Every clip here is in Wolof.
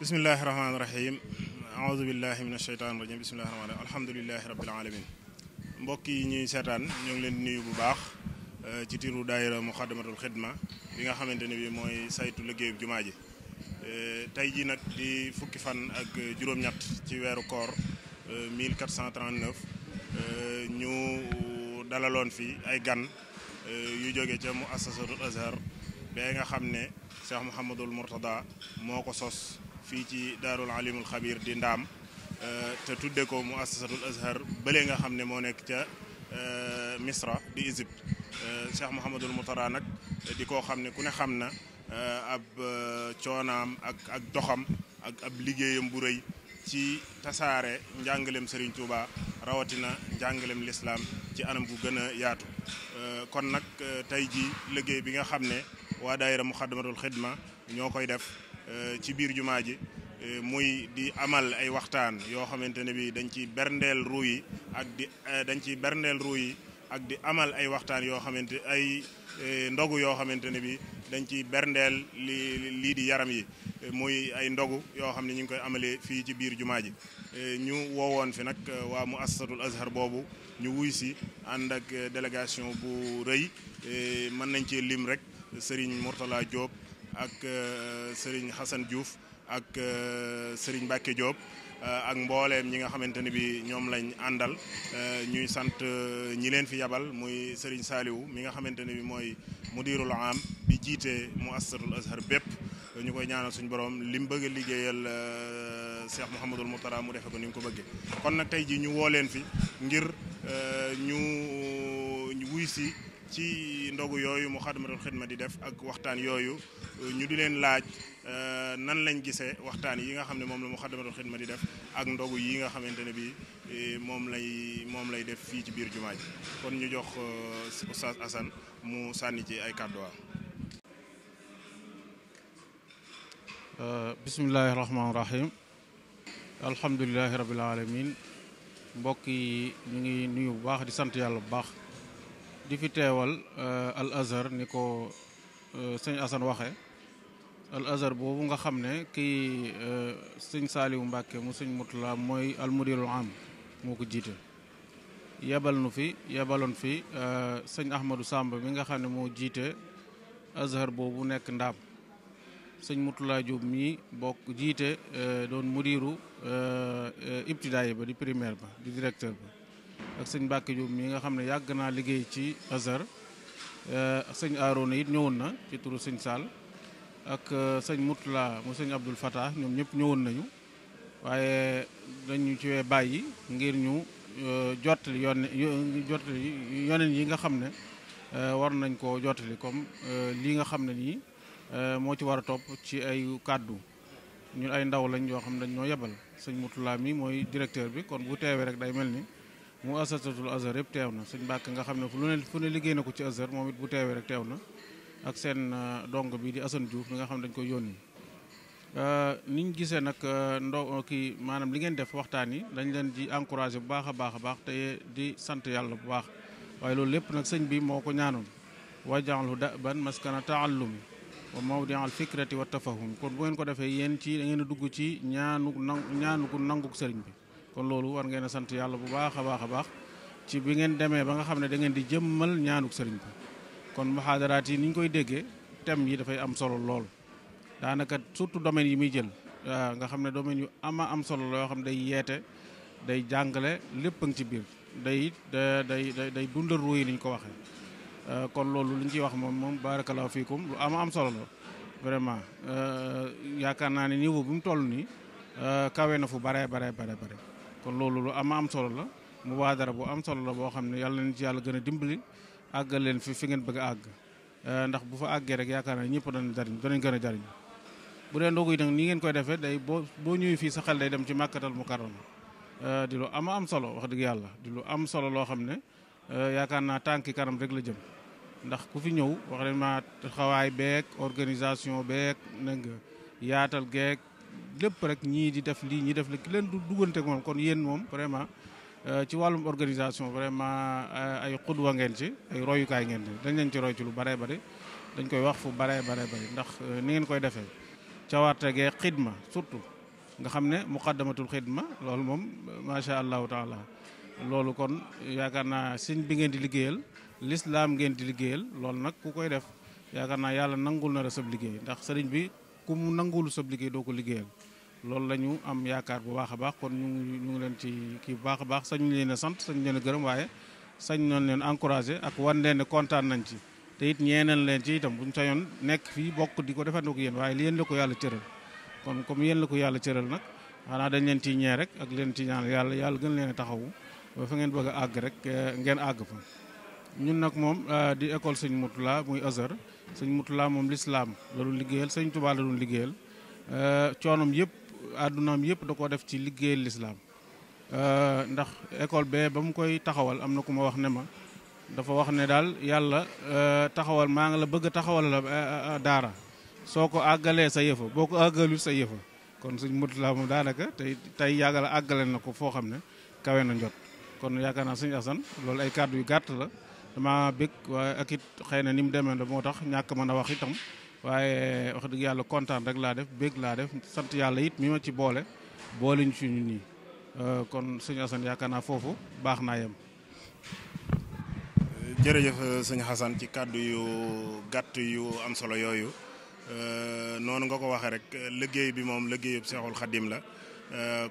bismillahi rahmaani rahim aoudu billahi min asheytan rabbil alamin mbokk yi ñuy seetaan ñoo ngi leen di nuyu bu baax eh, ci tiru daayira muxaddamatul xidma bi nga xamante ne bi mooy saytu liggéeyu jumaa ji eh, tey ji nag di fukki fan ak juróom-ñett ci weeru koor 1439 eh, ñu dalaloon fi ay gan yu jóge ca mu assasatul azhar nga xam ne Cheikh Mouhamadul Mourtada moo ko sos fii ci daarul alimul xabir di ndaam eh, te tudde ko mu assasatul azhar bële nga xam ne moo nekk ca eh, misra di Égypte eh, Cheikh Mouhamadul Moutara nag di koo xam ne ku ne xam na ab coonaam ak ak doxam ak ab liggéeyam bu rëy ci tasaare njàngalem Serigne Touba rawatina njàngalem lislaam ci anam gu gën a yaatu kon nag tey ji liggéey bi nga xam ne waa daayira Muxaddamatul Xidma ñoo koy def ci biir jumaa ji Euh, muy di amal ay waxtaan yoo xamante ne bi dañ ci berndeel ruu yi ak di euh, dañ ci berndeel yi ak di amal ay waxtaan yoo xamante ay euh, ndogu yoo xamante ne bi dañ ci berndeel li lii di yaram yi muy ay ndogu yoo xam ne ñu ngi koy amalee fii ci biir jumaa ji ñu woowoon fi nag waa mu assasatul azhar boobu ñu wuy si ànd ak délégation bu rëy mën nañ ci lim rek Serigne Mourtala jóob ak sëriñ Hassan Diouf ak euh, Serigne Mbacke Diop euh, ak mbooleem ñi nga xamante ne bi ñoom lañ àndal euh, ñuy sant ñi leen fi yabal muy Serigne saaliwu mi nga xamante ne bi mooy mudirul am bi jiitee mu asatul azhar bépp ñu koy ñaanal suñu borom li mu bëgg a liggéeyal Cheikh Mouhamadul Moutara mu defe ko ni mu ko bëggee kon nag tey ji ñu woo fi ngir ñu wuy si ci ndogu yooyu mu xadamatul xidma di def ak waxtaan yooyu ñu di leen laaj euh, nan lañ gisee waxtaan yi nga xam ne moom la mu xadamatul xidma di def ak ndogu yi nga xamante ne bi eh, moom lay moom lay def fii ci biir jumaa ji kon ñu jox euh, Oustaz Assane mu sànni ci ay kàdduwaam euh, bismillahi rahmaani rahim alhamdulilahi rabil mbokk yi ñu ngi nuyu bu baax di sant yàlla bu baax di fi teewal euh, al azhar ni ko euh, sëñ Assane waxe al azhar boobu nga xam ne kii euh, sëñ Saliou Mbacke mu sëñ Moutala mooy al mudirul am moo ko jiite yebal nu fi yebaloon fi sëñ Ahmadou Samb mi nga xam ne moo jiite azhar boobu nekk ndaam sëñ Moutala Diop mii bokk jiite doon mudiru ibtidaay ba di primaire ba di directeur ba ak sëñ Mbacke Dioum mi nga xam ne yàgg naa liggéey ci Azhar eh, ak sëñ Arouna it ñëwoon na ci turu sëñ Sall ak eh, sëñ Moutla mu sëñ Abdoul Fatah ñoom ñëpp ñëwoon nañu waaye dañu ci wee bàyyi ngir ñu eh, jottali yoon jottali yoneen yi nga xam ne war nañ koo jottali comme lii nga xam ne nii moo ci war a topp ci ay kàddu ñun ay ndaw lañ yoo xam dañ ñoo yebal sëñ Moutla mi mooy directeur bi kon bu teewee rek day mel ni mu asasatul Azhar yëpp teew na suñ mbàkk nga xam ne lu ne fu ne liggéey na ko ci Azhar moom it bu teewee rek teew na ak seen euh, dong bi di Assane Diouf mi nga xam ne dañ koy yónni euh, ni gisee nag euh, ndo kii maanaam li ngeen def waxtaan yi dañ leen di encouragé bu baax a baax a baax te di sant yàlla bu baax waaye loolu lépp nag sëñ bi moo ko ñaanoon da ban maskana taallumi wa mawdial fikrati wa tafahum kon bu ngeen ko defee yéen ci da ngeen a dugg ci ñaanu nangu ñaanu ku nangu sëriñ bi kon loolu war ngeen a sant yàlla bu baax a baax a baax ci bi ngeen demee ba nga xam ne da ngeen di jëmmal ñaanuk sëriñ bi kon muhaadaraat yi ni koy déggee thème yi dafay am solo lool daanaka surtout domaine yi muy jël nga xam ne domaine yu ama am solo la yoo xam day yeete day jàngale lépp a ngi ci biir day day day dundal ruuy ni ñu ko waxe euh, kon loolu li ñu ciy wax moom moom barakallahu fiikum lu ama am solo la vraiment euh, yaakaar naa ne niveau bu mu toll nii euh, kawe na fu bare bare bare bare kon loolu lu am am solo la mu dara bu am solo la boo xam ne yàlla nañ ci yàlla gën a dimbali àggal leen fi fi ngeen bëgg àgg eh, ndax bu fa àggee rek yaakaar naa ñëpp danañ jariñ danañ gën a jariñ bu dee ndogu yi nag nii ngeen koy defee day boo boo ñëwee fii sa xel day dem ci màkkatal mu karam eh, di lu am am solo wax dëgg yàlla di lu am solo loo xam ne eh, yaakaar naa tànki karam rek la jëm ndax ku fi ñëw wax dëgg ma xawaay beeg organisation beeg na yaatal geeg lépp rek ñii di def lii ñii def la leen du duggante moom kon yéen moom vraiment euh, ci wàllum organisation vraiment euh, ay xudwa ngeen ci ay royukaay ngeen ci dañ leen ci roy ci lu baree bari dañ koy wax fu baree baree bari ndax euh, ni ngeen koy defee cawarte gee xidma surtout nga xam ne muqaddamatul xidma loolu moom macha allahu taala loolu kon yaakaar naa sëñ bi ngeen di liggéeyal lislaam ngeen di liggéeyal loolu nag ku koy def yaakaar naa yàlla nangul na la sab liggéey ndax ku mu nanguwul sa liggéey doo ko liggéeyal loolu la ñu am yaakaar bu baax a baax kon ñu ngi ñu leen ci kii bu baax a baax sañ leen sant sañ leen gërëm waaye sañ noonu leen encouragé ak wan leen ne kontaan nañ ci te it ñeeneen leen ci itam ñu sañoon nekk fii bokk di ko defandoo ko yéen waaye li yéen la ko yàlla cëral kon comme yéen la ko yàlla cëral nag xanaa dañ leen ciy ñee rek ak leen ci ñaan yàlla yàlla gën leen a taxawu ba fa ngeen bëgg a àgg rek eh, ngeen àgg fa ñun nag moom eh, di école sëñ Moutala muy Azhar suñ Murtala moom lislaam la doon liggéeyal sëñ Tuubaa la doon liggéeyal euh, coonom yëpp àddunaam yëpp da koo def ci liggéeyal lislaam euh, ndax école bee ba mu koy taxawal am na ku ma wax ne ma dafa wax ne daal yàlla euh, taxawal maa ngi la bëgg a taxawal la daara soo ko àggalee sa yëfa boo ko àggalul sa yëfa kon sëñ Murtala moom daanaka tey tey yàggal àggale na ko foo xam ne kawe na njot kon yaakaar naa sëñ Asan loolu ay kàddu yu gàtt la dama bég waaye ak it xëy na ni mu demee la moo tax ñàkk mën a wax itam waaye wax dëgg yàlla kontaan rek laa def bég laa def sant yàlla it mi ma ci boole boole ñu ci ñun nii euh, kon sëñ Assane yaakaar naa foofu baax naa yem. jërëjëf euh, sëñ Xassane ci kàddu yu gàtt yu am solo yooyu euh, noonu nga ko waxee rek liggéey bi moom liggéeyub Seexul Xadim la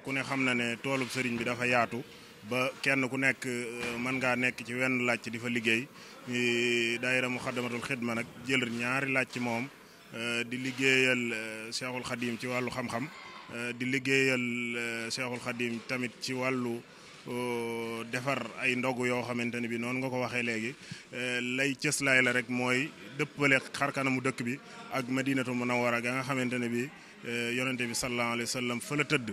ku ne xam na ne toolub sëriñ bi dafa yaatu. ba kenn ku nekk euh, man ngaa nekk ci wenn laaj di fa liggéey daayira Muxaddamatul Xidma nag jël ñaari laaj ci moom euh, di liggéeyal euh, Seexul Xadim ci wàllu xam-xam di liggéeyal Seexul Xadim tamit ci wàllu defar ay ndogu yoo xamante ni bi noonu nga ko waxee léegi lay cëslaay la rek mooy dëppale xarkanamu dëkk bi ak Madinatu na wara ga nga xamante ne bi yonente bi sallallahu alayhi wa sallam fa la tëdd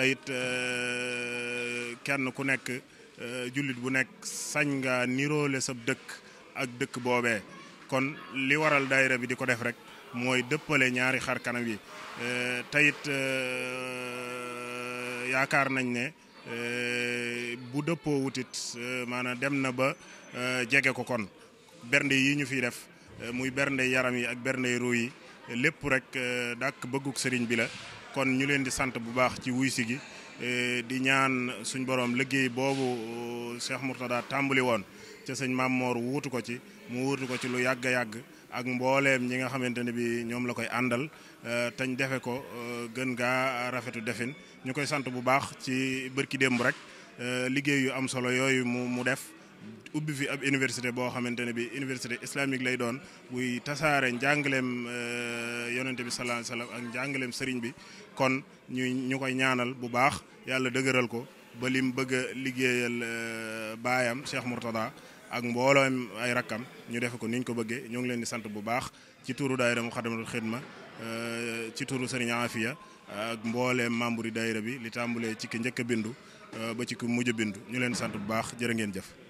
teyit euh, kenn ku nekk euh, jullit bu nekk sañ nga niroole sa dëkk ak dëkk boobee kon li waral daayira bi di ko def rek mooy dëppale ñaari xar kanam yi euh, teyit yaakaar nañ ne bu dëppoo wutit maanaam dem na ba jege ko kon bernde yi ñu fi def muy bernde yaram yi ak bernde ruu yi lépp rek dàkk bëgguk sëriñ bi la kon ñu leen di sant bu baax ci wuy si gi e, di ñaan suñ borom liggéey boobu e, Cheikh Mourtada tàmbali woon ca sëñ Maam Moor wuutu ko ci mu wuutu ko ci lu yàgg yàgg ak mbooleem ñi nga xamante ne bi ñoom la koy àndal e, tañ defe ko gën gaa rafetu defin ñu koy sant bu baax ci bërki démb rek liggéey yu am solo yooyu mu mu def ubbi fi ab université boo xamante ne bi université islamique lay doon buy tasaare njàngaleem euh, yonente bi sallallahu alayhi ak njàngaleem sëriñ bi kon ñu ñu koy ñaanal bu baax yàlla dëgëral ko ba lim bëgg a liggéeyal euh, baayam Cheikh Mourtada ak mbooloom ay rakkam ñu defe ko ñu ko bëggee ñoo ngi leen di sant bu baax ci tuuru daayira Muxaddamatul Xidma euh, ci tuuru sëriñ Afia ak mbooleem membre yi daayira bi li tàmbulee ci ki njëkk a bindu ba ci ki mujj bindu ñu leen sant bu baax jërë ngeen jëf